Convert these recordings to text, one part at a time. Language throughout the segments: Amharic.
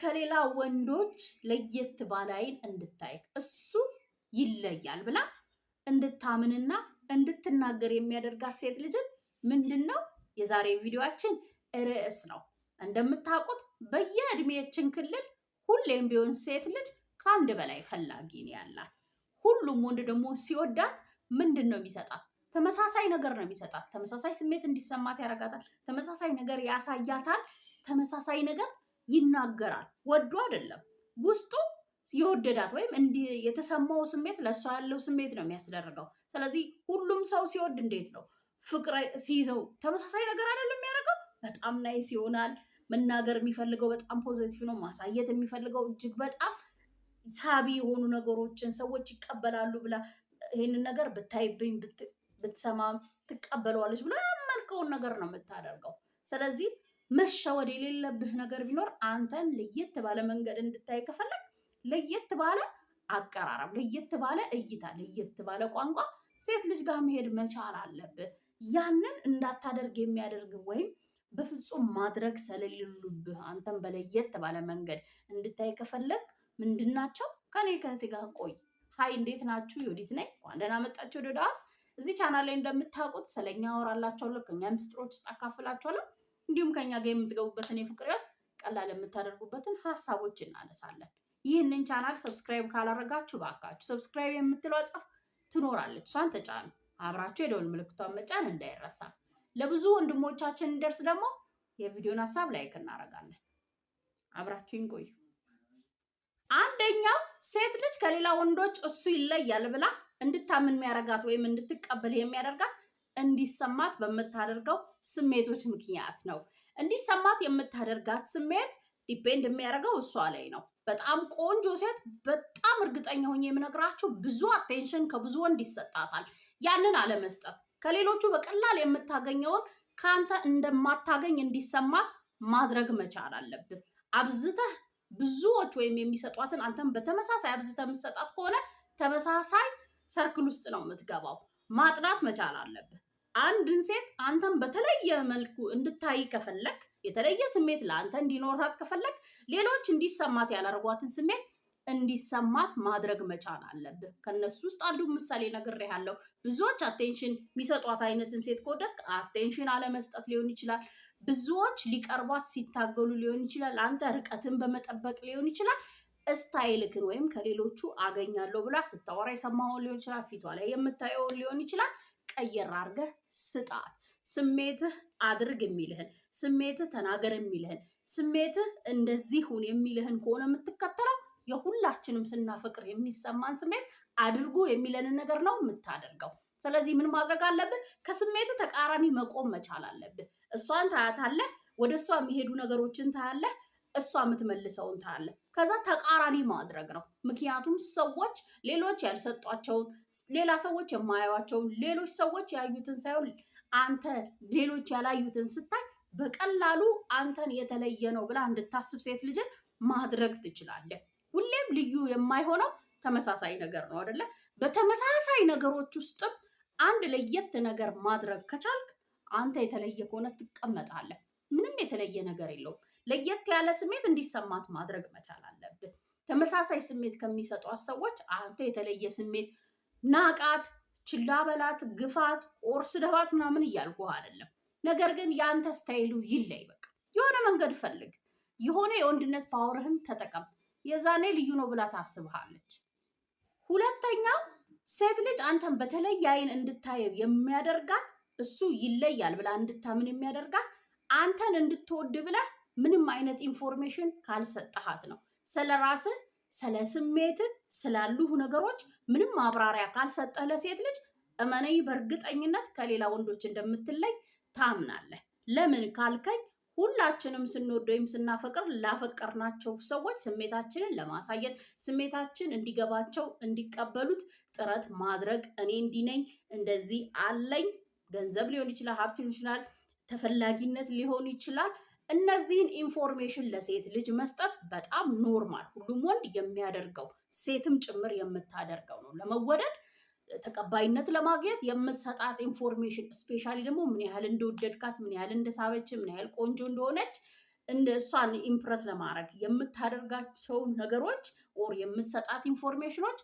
ከሌላ ወንዶች ለየት ባለ እንድታይ እሱ ይለያል ብላ እንድታምንና እንድትናገር የሚያደርጋት ሴት ልጅን ምንድን ነው የዛሬ ቪዲዮችን ርዕስ ነው። እንደምታውቁት በየእድሜያችን ክልል ሁሌም ቢሆን ሴት ልጅ ከአንድ በላይ ፈላጊ ነው ያላት። ሁሉም ወንድ ደግሞ ሲወዳት ምንድን ነው የሚሰጣት? ተመሳሳይ ነገር ነው የሚሰጣት። ተመሳሳይ ስሜት እንዲሰማት ያደርጋታል። ተመሳሳይ ነገር ያሳያታል። ተመሳሳይ ነገር ይናገራል። ወዶ አይደለም ውስጡ የወደዳት ወይም እንዲህ የተሰማው ስሜት ለእሷ ያለው ስሜት ነው የሚያስደርገው። ስለዚህ ሁሉም ሰው ሲወድ እንዴት ነው ፍቅር ሲይዘው ተመሳሳይ ነገር አይደለም የሚያደርገው። በጣም ናይስ ይሆናል። መናገር የሚፈልገው በጣም ፖዘቲቭ ነው። ማሳየት የሚፈልገው እጅግ በጣም ሳቢ የሆኑ ነገሮችን ሰዎች ይቀበላሉ ብላ ይህንን ነገር ብታይብኝ ብትሰማም ትቀበለዋለች ብላ ያመልከውን ነገር ነው የምታደርገው። ስለዚህ መሸወድ የሌለብህ ነገር ቢኖር አንተን ለየት ባለ መንገድ እንድታይ ከፈለግ ለየት ባለ አቀራረብ፣ ለየት ባለ እይታ፣ ለየት ባለ ቋንቋ ሴት ልጅ ጋር መሄድ መቻል አለብህ። ያንን እንዳታደርግ የሚያደርግ ወይም በፍጹም ማድረግ ስለሌሉብህ አንተን በለየት ባለ መንገድ እንድታይ ከፈለግ ምንድን ናቸው? ከኔ ከእህቴ ጋር ቆይ። ሀይ፣ እንዴት ናችሁ? ዮዲት ነኝ። እንኳን ደህና መጣችሁ እዚህ ቻናል ላይ እንደምታውቁት ስለኛ አወራላችኋለሁ፣ ከኛ ምስጢሮች ውስጥ አካፍላችኋለሁ። እንዲሁም ከኛ ጋር የምትገቡበትን የፍቅር ህይወት ቀላል የምታደርጉበትን ሀሳቦች እናነሳለን። ይህንን ቻናል ሰብስክራይብ ካላደረጋችሁ ባካችሁ ሰብስክራይብ የምትለው ጽፍ ትኖራለች፣ እሷን ተጫኑ። አብራችሁ የደውል ምልክቷን መጫን እንዳይረሳ። ለብዙ ወንድሞቻችን እንደርስ ደግሞ የቪዲዮን ሀሳብ ላይክ እናደርጋለን። አብራችሁኝ ቆዩ። አንደኛው ሴት ልጅ ከሌላ ወንዶች እሱ ይለያል ብላ እንድታምን የሚያደርጋት ወይም እንድትቀበል የሚያደርጋት እንዲሰማት በምታደርገው ስሜቶች ምክንያት ነው። እንዲሰማት የምታደርጋት ስሜት ዲፔንድ የሚያደርገው እሷ ላይ ነው። በጣም ቆንጆ ሴት፣ በጣም እርግጠኛ ሆኜ የምነግራችሁ ብዙ አቴንሽን ከብዙ ወንድ ይሰጣታል። ያንን አለመስጠት ከሌሎቹ በቀላል የምታገኘውን ከአንተ እንደማታገኝ እንዲሰማት ማድረግ መቻል አለብን። አብዝተህ ብዙዎች ወይም የሚሰጧትን አንተም በተመሳሳይ አብዝተህ የምትሰጣት ከሆነ ተመሳሳይ ሰርክል ውስጥ ነው የምትገባው። ማጥናት መቻል አለብን። አንድን ሴት አንተን በተለየ መልኩ እንድታይ ከፈለግ፣ የተለየ ስሜት ለአንተ እንዲኖራት ከፈለግ፣ ሌሎች እንዲሰማት ያላረጓትን ስሜት እንዲሰማት ማድረግ መቻል አለብህ። ከነሱ ውስጥ አንዱ ምሳሌ ነግሬሃለሁ። ብዙዎች አቴንሽን የሚሰጧት አይነትን ሴት ከወደድክ አቴንሽን አለመስጠት ሊሆን ይችላል። ብዙዎች ሊቀርቧት ሲታገሉ ሊሆን ይችላል። አንተ ርቀትን በመጠበቅ ሊሆን ይችላል። እስታይልክን ወይም ከሌሎቹ አገኛለሁ ብላ ስታወራ የሰማኸውን ሊሆን ይችላል። ፊቷ ላይ የምታየውን ሊሆን ይችላል። ቀየር አድርገህ ስጣት። ስሜትህ አድርግ የሚልህን ስሜትህ ተናገር የሚልህን ስሜትህ እንደዚህ ሁን የሚልህን ከሆነ የምትከተለው የሁላችንም ስናፈቅር የሚሰማን ስሜት አድርጎ የሚለንን ነገር ነው የምታደርገው። ስለዚህ ምን ማድረግ አለብህ? ከስሜት ተቃራኒ መቆም መቻል አለብህ። እሷን ታያታለህ፣ ወደ እሷ የሚሄዱ ነገሮችን ታያለህ። እሷ የምትመልሰውን ታያለ። ከዛ ተቃራኒ ማድረግ ነው። ምክንያቱም ሰዎች ሌሎች ያልሰጧቸውን፣ ሌላ ሰዎች የማያዩቸውን ሌሎች ሰዎች ያዩትን ሳይሆን አንተ ሌሎች ያላዩትን ስታይ በቀላሉ አንተን የተለየ ነው ብላ እንድታስብ ሴት ልጅን ማድረግ ትችላለህ። ሁሌም ልዩ የማይሆነው ተመሳሳይ ነገር ነው አይደለ? በተመሳሳይ ነገሮች ውስጥም አንድ ለየት ነገር ማድረግ ከቻልክ አንተ የተለየ ከሆነ ትቀመጣለህ። ምንም የተለየ ነገር የለውም። ለየት ያለ ስሜት እንዲሰማት ማድረግ መቻል አለብን። ተመሳሳይ ስሜት ከሚሰጧት ሰዎች አንተ የተለየ ስሜት ናቃት፣ ችላ በላት፣ ግፋት፣ ቆርስ ደባት ምናምን እያልኩ አይደለም። ነገር ግን የአንተ ስታይሉ ይለይ። በቃ የሆነ መንገድ ፈልግ፣ የሆነ የወንድነት ፓወርህን ተጠቀም። የዛኔ ልዩ ነው ብላ ታስብሃለች። ሁለተኛው ሴት ልጅ አንተን በተለየ አይን እንድታየው የሚያደርጋት እሱ ይለያል ብላ እንድታምን የሚያደርጋት አንተን እንድትወድ ብለህ ምንም አይነት ኢንፎርሜሽን ካልሰጠሃት ነው። ስለ ራስህ፣ ስለ ስሜትህ፣ ስላሉህ ነገሮች ምንም ማብራሪያ ካልሰጠህ ለሴት ልጅ እመነኝ፣ በእርግጠኝነት ከሌላ ወንዶች እንደምትለይ ታምናለህ። ለምን ካልከኝ ሁላችንም ስንወድ ወይም ስናፈቅር ላፈቀርናቸው ሰዎች ስሜታችንን ለማሳየት ስሜታችን እንዲገባቸው እንዲቀበሉት ጥረት ማድረግ እኔ እንዲነኝ እንደዚህ አለኝ ገንዘብ ሊሆን ይችላል፣ ሀብት ሊሆን ይችላል፣ ተፈላጊነት ሊሆን ይችላል። እነዚህን ኢንፎርሜሽን ለሴት ልጅ መስጠት በጣም ኖርማል፣ ሁሉም ወንድ የሚያደርገው ሴትም ጭምር የምታደርገው ነው። ለመወደድ ተቀባይነት ለማግኘት የምትሰጣት ኢንፎርሜሽን ስፔሻሊ ደግሞ ምን ያህል እንደወደድካት፣ ምን ያህል እንደሳበች፣ ምን ያህል ቆንጆ እንደሆነች እሷን ኢምፕረስ ለማድረግ የምታደርጋቸው ነገሮች ኦር የምትሰጣት ኢንፎርሜሽኖች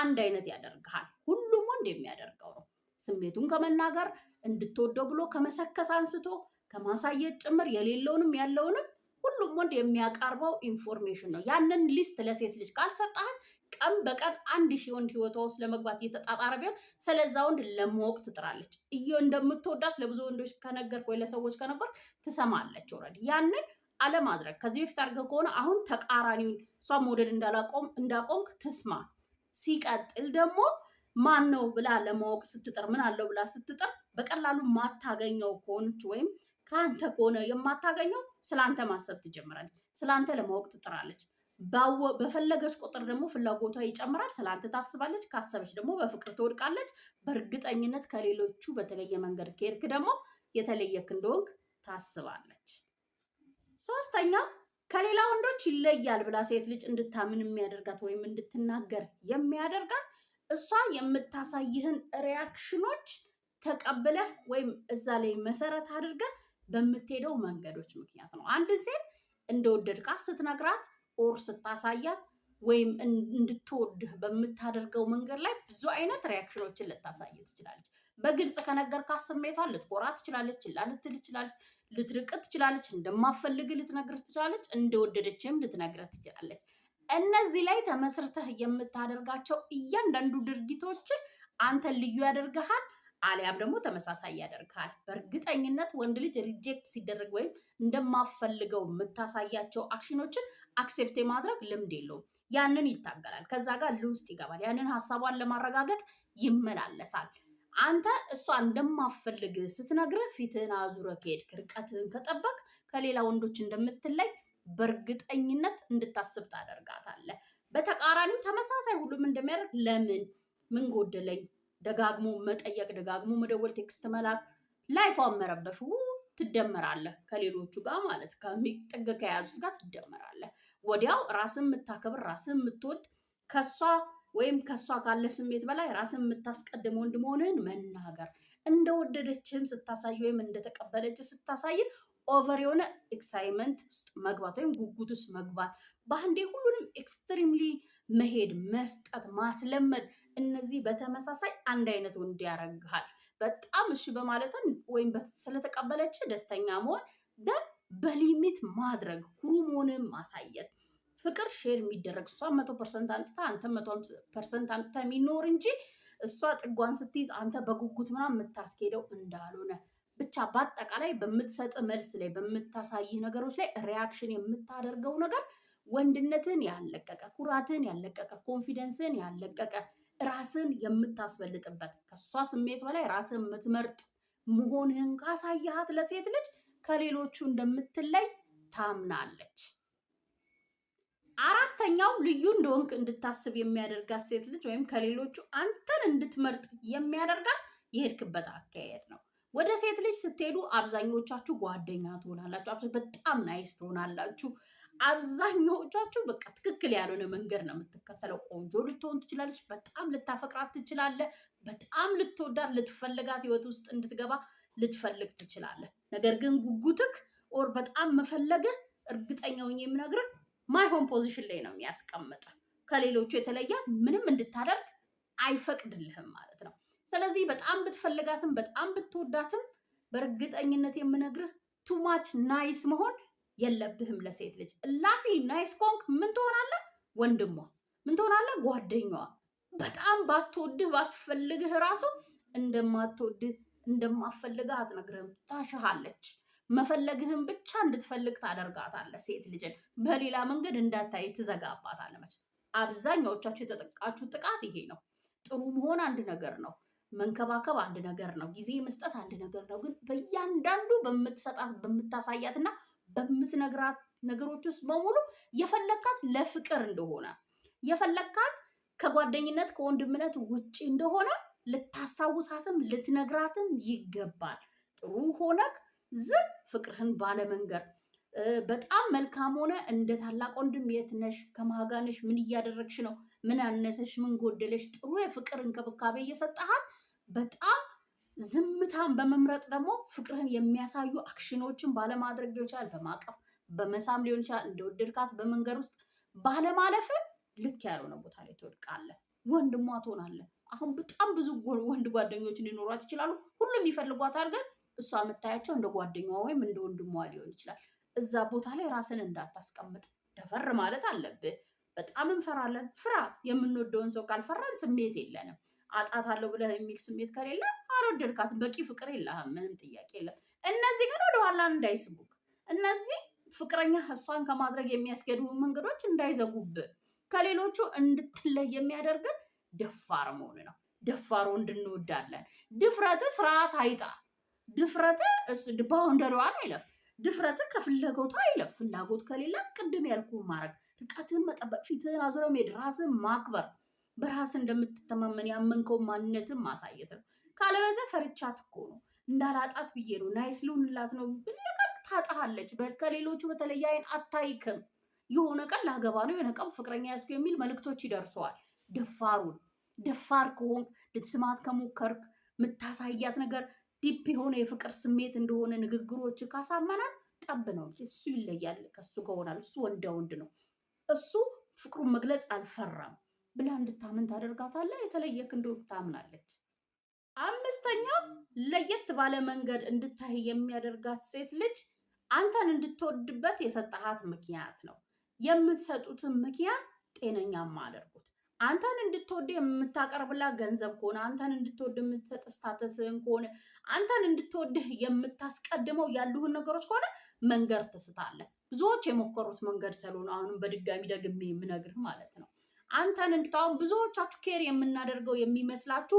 አንድ አይነት ያደርግሃል። ሁሉም ወንድ የሚያደርገው ነው። ስሜቱን ከመናገር እንድትወደው ብሎ ከመሰከስ አንስቶ ከማሳየት ጭምር የሌለውንም ያለውንም ሁሉም ወንድ የሚያቀርበው ኢንፎርሜሽን ነው። ያንን ሊስት ለሴት ልጅ ካልሰጣት ቀን በቀን አንድ ሺህ ወንድ ህይወቷ ውስጥ ለመግባት እየተጣጣረ ቢሆን ስለዛ ወንድ ለማወቅ ትጥራለች። እንደምትወዳት ለብዙ ወንዶች ከነገር ወይ ለሰዎች ከነገርክ ትሰማለች። ኦልሬዲ ያንን አለማድረግ ከዚህ በፊት አድርገ ከሆነ አሁን ተቃራኒውን እሷ መውደድ እንዳላቆም እንዳቆምክ ትስማ። ሲቀጥል ደግሞ ማን ነው ብላ ለማወቅ ስትጥር ምን አለው ብላ ስትጥር በቀላሉ ማታገኘው ከሆነች ወይም ከአንተ ከሆነ የማታገኘው ስለ አንተ ማሰብ ትጀምራለች። ስለ አንተ ለማወቅ ትጥራለች። በፈለገች ቁጥር ደግሞ ፍላጎቷ ይጨምራል። ስለ አንተ ታስባለች። ካሰበች ደግሞ በፍቅር ትወድቃለች። በእርግጠኝነት ከሌሎቹ በተለየ መንገድ ከሄድክ ደግሞ የተለየክ እንደሆንክ ታስባለች። ሶስተኛ ከሌላ ወንዶች ይለያል ብላ ሴት ልጅ እንድታምን የሚያደርጋት ወይም እንድትናገር የሚያደርጋት እሷ የምታሳይህን ሪያክሽኖች ተቀብለህ ወይም እዛ ላይ መሰረት አድርገህ በምትሄደው መንገዶች ምክንያት ነው። አንድ ሴት እንደወደድካት ስትነግራት ኦር ስታሳያት ወይም እንድትወድህ በምታደርገው መንገድ ላይ ብዙ አይነት ሪያክሽኖችን ልታሳይ ትችላለች። በግልጽ ከነገርካት ስሜቷን ልትኮራ ትችላለች፣ ችላ ልትል ትችላለች፣ ልትርቅ ትችላለች፣ እንደማፈልግ ልትነግር ትችላለች፣ እንደወደደችም ልትነግረ ትችላለች። እነዚህ ላይ ተመስርተህ የምታደርጋቸው እያንዳንዱ ድርጊቶች አንተን ልዩ ያደርግሃል። አሊያም ደግሞ ተመሳሳይ ያደርጋል። በእርግጠኝነት ወንድ ልጅ ሪጀክት ሲደረግ ወይም እንደማፈልገው የምታሳያቸው አክሽኖችን አክሴፕት የማድረግ ልምድ የለውም። ያንን ይታገላል። ከዛ ጋር ልውስጥ ይገባል። ያንን ሀሳቧን ለማረጋገጥ ይመላለሳል። አንተ እሷ እንደማፈልግ ስትነግርህ ፊትህን አዙረህ ከሄድክ ርቀትህን ከጠበቅ ከሌላ ወንዶች እንደምትለይ በእርግጠኝነት እንድታስብ ታደርጋታለህ። በተቃራኒው ተመሳሳይ ሁሉም እንደሚያደርግ ለምን ምን ጎደለኝ ደጋግሞ መጠየቅ፣ ደጋግሞ መደወል፣ ቴክስት መላክ፣ ላይፏን መረበሹ ትደመራለህ ከሌሎቹ ጋር ማለት ከሚጥግ ከያዙት ጋር ትደመራለህ። ወዲያው ራስን የምታከብር ራስን የምትወድ ከሷ ወይም ከሷ ካለ ስሜት በላይ ራስን የምታስቀድም ወንድ መሆንህን መናገር እንደወደደችህም ስታሳይ ወይም እንደተቀበለች ስታሳይ ኦቨር የሆነ ኤክሳይመንት ውስጥ መግባት ወይም ጉጉት ውስጥ መግባት፣ በአንዴ ሁሉንም ኤክስትሪምሊ መሄድ፣ መስጠት፣ ማስለመድ እነዚህ በተመሳሳይ አንድ አይነት ወንድ ያረግሃል። በጣም እሺ በማለትን ወይም ስለተቀበለች ደስተኛ መሆን ደን በሊሚት ማድረግ ኩሩ መሆንን ማሳየት ፍቅር ሼር የሚደረግ እሷ መቶ ፐርሰንት አንጥታ አንተ መቶ ፐርሰንት አንጥታ የሚኖር እንጂ እሷ ጥጓን ስትይዝ አንተ በጉጉት ምናምን የምታስኬደው እንዳልሆነ ብቻ በአጠቃላይ በምትሰጥ መልስ ላይ በምታሳይ ነገሮች ላይ ሪያክሽን የምታደርገው ነገር ወንድነትን ያለቀቀ ኩራትን ያለቀቀ ኮንፊደንስን ያለቀቀ ራስን የምታስበልጥበት ከእሷ ስሜት በላይ ራስን የምትመርጥ መሆንህን ካሳያሃት ለሴት ልጅ ከሌሎቹ እንደምትለይ ታምናለች። አራተኛው ልዩ እንደወንክ እንድታስብ የሚያደርጋት ሴት ልጅ ወይም ከሌሎቹ አንተን እንድትመርጥ የሚያደርጋት የሄድክበት አካሄድ ነው። ወደ ሴት ልጅ ስትሄዱ አብዛኞቻችሁ ጓደኛ ትሆናላችሁ፣ በጣም ናይስ ትሆናላችሁ፣ አብዛኛዎቻችሁ በቃ ትክክል ያልሆነ መንገድ ነው የምትከተለው። ቆንጆ ልትሆን ትችላለች፣ በጣም ልታፈቅራት ትችላለ። በጣም ልትወዳት ልትፈልጋት፣ ህይወት ውስጥ እንድትገባ ልትፈልግ ትችላለ ነገር ግን ጉጉትክ ኦር በጣም መፈለግህ እርግጠኛ ሆኜ የምነግርህ ማይሆን ፖዚሽን ላይ ነው የሚያስቀምጥ። ከሌሎቹ የተለየ ምንም እንድታደርግ አይፈቅድልህም ማለት ነው። ስለዚህ በጣም ብትፈልጋትም በጣም ብትወዳትም በእርግጠኝነት የምነግርህ ቱማች ናይስ መሆን የለብህም ለሴት ልጅ እላፊ ናይስ ኮንክ ምን ትሆናለህ? ወንድሟ ምን ትሆናለህ? ጓደኛዋ በጣም ባትወድህ ባትፈልግህ ራሱ እንደማትወድህ እንደማፈልግህ አትነግርህም፣ ታሻሃለች። መፈለግህን ብቻ እንድትፈልግ ታደርጋታለህ። ሴት ልጅን በሌላ መንገድ እንዳታይ ትዘጋባታለህ። መች አብዛኛዎቻችሁ የተጠቃችሁ ጥቃት ይሄ ነው። ጥሩ መሆን አንድ ነገር ነው። መንከባከብ አንድ ነገር ነው። ጊዜ መስጠት አንድ ነገር ነው። ግን በእያንዳንዱ በምትሰጣት በምታሳያትና በምትነግራት ነገሮች ውስጥ በሙሉ የፈለካት ለፍቅር እንደሆነ የፈለካት ከጓደኝነት ከወንድምነት ውጪ እንደሆነ ልታስታውሳትም ልትነግራትም ይገባል። ጥሩ ሆነክ ዝም ፍቅርህን ባለመንገር በጣም መልካም ሆነ እንደ ታላቅ ወንድም የት ነሽ? ከማጋነሽ ምን እያደረግሽ ነው? ምን አነሰሽ? ምን ጎደለሽ? ጥሩ የፍቅር እንክብካቤ እየሰጠሃል በጣም ዝምታን በመምረጥ ደግሞ ፍቅርህን የሚያሳዩ አክሽኖችን ባለማድረግ ሊሆን ይችላል፣ በማቀፍ በመሳም ሊሆን ይችላል። እንደወደድካት በመንገድ ውስጥ ባለማለፍ ልክ ያልሆነ ቦታ ላይ ትወድቃለህ፣ ወንድሟ ትሆናለህ። አሁን በጣም ብዙ ወንድ ጓደኞች ሊኖሯት ይችላሉ። ሁሉም ይፈልጓት አድርገን እሷ የምታያቸው እንደ ጓደኛዋ ወይም እንደ ወንድሟ ሊሆን ይችላል። እዛ ቦታ ላይ ራስን እንዳታስቀምጥ ደፈር ማለት አለብህ። በጣም እንፈራለን። ፍራ። የምንወደውን ሰው ካልፈራን ስሜት የለንም። አጣታለሁ ብለህ የሚል ስሜት ከሌለ አልወደድካትም። በቂ ፍቅር የለህም። ምንም ጥያቄ የለም። እነዚህ ግን ወደኋላ እንዳይስቡክ፣ እነዚህ ፍቅረኛ እሷን ከማድረግ የሚያስገዱ መንገዶች እንዳይዘጉብ፣ ከሌሎቹ እንድትለይ የሚያደርግን ደፋር መሆን ነው። ደፋሩ እንድንወዳለን። ድፍረት ስርዓት አይጣ። ድፍረት ባውንደሪዋን አይለፍ። ድፍረት ከፍለገቱ አይለፍ። ፍላጎት ከሌላት ቅድም ያልኩ ማድረግ፣ ርቀትን መጠበቅ፣ ፊትን አዙረ መሄድ፣ ራስን ማክበር በራስ እንደምትተማመን ያመንከው ማንነትን ማሳየት ነው። ካለበዛ ፈርቻት እኮ ነው እንዳላጣት ብዬ ነው ናይስ ልሆንላት ነው ብለቀቅ ታጣሃለች። ከሌሎቹ በተለየ አይን አታይክም። የሆነ ቀን ላገባ ነው የሆነ ቀን ፍቅረኛ ያዝኩ የሚል መልእክቶች ይደርሰዋል። ደፋሩን ደፋር ከሆንክ ልትስማት ከሞከርክ የምታሳያት ነገር ዲፕ የሆነ የፍቅር ስሜት እንደሆነ ንግግሮች ካሳመናት ጠብ ነው እሱ ይለያል። ከሱ ከሆናል እሱ ወንደ ወንድ ነው እሱ ፍቅሩን መግለጽ አልፈራም። ብላ እንድታምን ታደርጋታለ። የተለየክ እንደሆንክ ታምናለች። አምስተኛ ለየት ባለ መንገድ እንድታይ የሚያደርጋት ሴት ልጅ አንተን እንድትወድበት የሰጠሃት ምክንያት ነው። የምትሰጡትን ምክንያት ጤነኛማ አደርጉት። አንተን እንድትወድ የምታቀርብላ ገንዘብ ከሆነ አንተን እንድትወድ የምትሰጥ ስታተስህን ከሆነ አንተን እንድትወድህ የምታስቀድመው ያሉህን ነገሮች ከሆነ መንገድ ትስታለህ። ብዙዎች የሞከሩት መንገድ ስለሆነ አሁንም በድጋሚ ደግሜ የምነግርህ ማለት ነው። አንተን እንድታውም ብዙዎቻችሁ ኬር የምናደርገው የሚመስላችሁ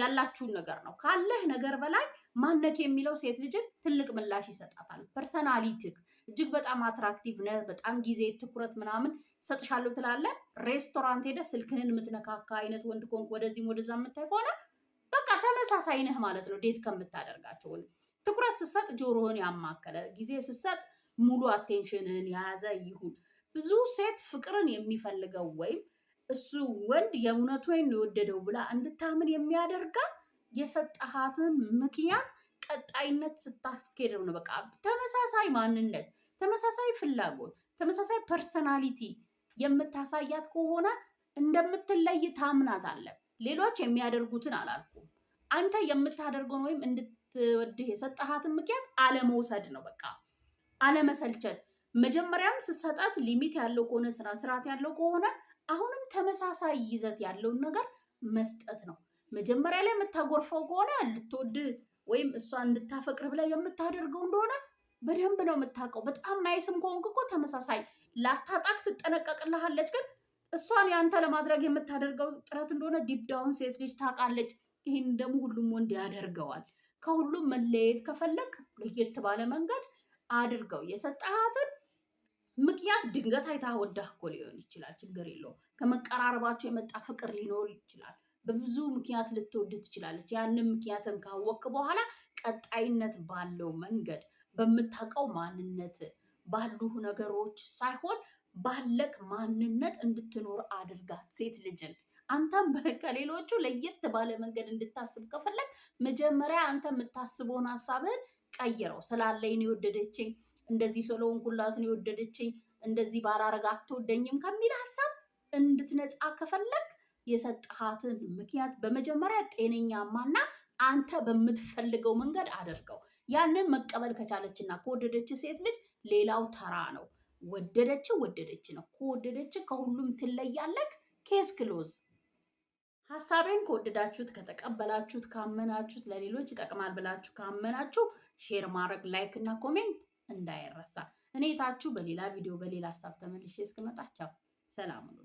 ያላችሁን ነገር ነው። ካለህ ነገር በላይ ማነክ የሚለው ሴት ልጅን ትልቅ ምላሽ ይሰጣታል። ፐርሰናሊቲክ እጅግ በጣም አትራክቲቭ ነህ፣ በጣም ጊዜ ትኩረት ምናምን ሰጥሻለሁ ትላለ። ሬስቶራንት ሄደ ስልክህን የምትነካካ አይነት ወንድ ኮንክ ወደዚህም ወደዛ የምታይ ከሆነ በቃ ተመሳሳይ ነህ ማለት ነው። ዴት ከምታደርጋቸው ወንድ ትኩረት ስትሰጥ ጆሮህን ያማከለ ጊዜ ስትሰጥ ሙሉ አቴንሽንህን የያዘ ይሁን። ብዙ ሴት ፍቅርን የሚፈልገው ወይም እሱ ወንድ የእውነቱ ወይ የወደደው ብላ እንድታምን የሚያደርጋት የሰጠሃትን ምክንያት ቀጣይነት ስታስኬደው ነው። በቃ ተመሳሳይ ማንነት፣ ተመሳሳይ ፍላጎት፣ ተመሳሳይ ፐርሰናሊቲ የምታሳያት ከሆነ እንደምትለይ ታምናት አለ። ሌሎች የሚያደርጉትን አላልኩም። አንተ የምታደርገውን ወይም እንድትወድህ የሰጠሃትን ምክንያት አለመውሰድ ነው። በቃ አለመሰልቸት። መጀመሪያም ስትሰጣት ሊሚት ያለው ከሆነ ስራ ስርዓት ያለው ከሆነ አሁንም ተመሳሳይ ይዘት ያለውን ነገር መስጠት ነው። መጀመሪያ ላይ የምታጎርፈው ከሆነ ልትወድ ወይም እሷ እንድታፈቅር ብለህ የምታደርገው እንደሆነ በደንብ ነው የምታውቀው። በጣም ናይስም ከሆንክ እኮ ተመሳሳይ ላታጣቅ ትጠነቀቅልሃለች። ግን እሷን ያንተ ለማድረግ የምታደርገው ጥረት እንደሆነ ዲፕዳውን ሴት ልጅ ታውቃለች። ይህን ደግሞ ሁሉም ወንድ ያደርገዋል። ከሁሉም መለየት ከፈለግ ለየት ባለ መንገድ አድርገው የሰጠሃትን ምክንያት ድንገት አይታ ወዳህ እኮ ሊሆን ይችላል። ችግር የለውም። ከመቀራረባቸው የመጣ ፍቅር ሊኖር ይችላል። በብዙ ምክንያት ልትወድ ትችላለች። ያንን ምክንያትን ካወቅ በኋላ ቀጣይነት ባለው መንገድ በምታውቀው ማንነት ባሉ ነገሮች ሳይሆን ባለቅ ማንነት እንድትኖር አድርጋት ሴት ልጅን። አንተም ከሌሎቹ ለየት ባለ መንገድ እንድታስብ ከፈለግ መጀመሪያ አንተ የምታስበውን ሀሳብህን ቀይረው። ስላለኝ የወደደችኝ እንደዚህ ሰሎን ኩላትን የወደደችኝ እንደዚህ ባላረግ አትወደኝም ከሚል ሀሳብ እንድትነጻ ከፈለግ የሰጥሃትን ምክንያት በመጀመሪያ ጤነኛማና አንተ በምትፈልገው መንገድ አድርገው። ያንን መቀበል ከቻለችና ከወደደች ሴት ልጅ ሌላው ተራ ነው። ወደደች ወደደች ነው። ከወደደች ከሁሉም ትለያለክ። ኬስ ክሎዝ። ሀሳቤን ከወደዳችሁት፣ ከተቀበላችሁት፣ ካመናችሁት ለሌሎች ይጠቅማል ብላችሁ ካመናችሁ ሼር ማድረግ ላይክ እና ኮሜንት እንዳይረሳ። እኔ ታችሁ በሌላ ቪዲዮ በሌላ ሀሳብ ተመልሼ እስክመጣ ቻው፣ ሰላም ሁኑ።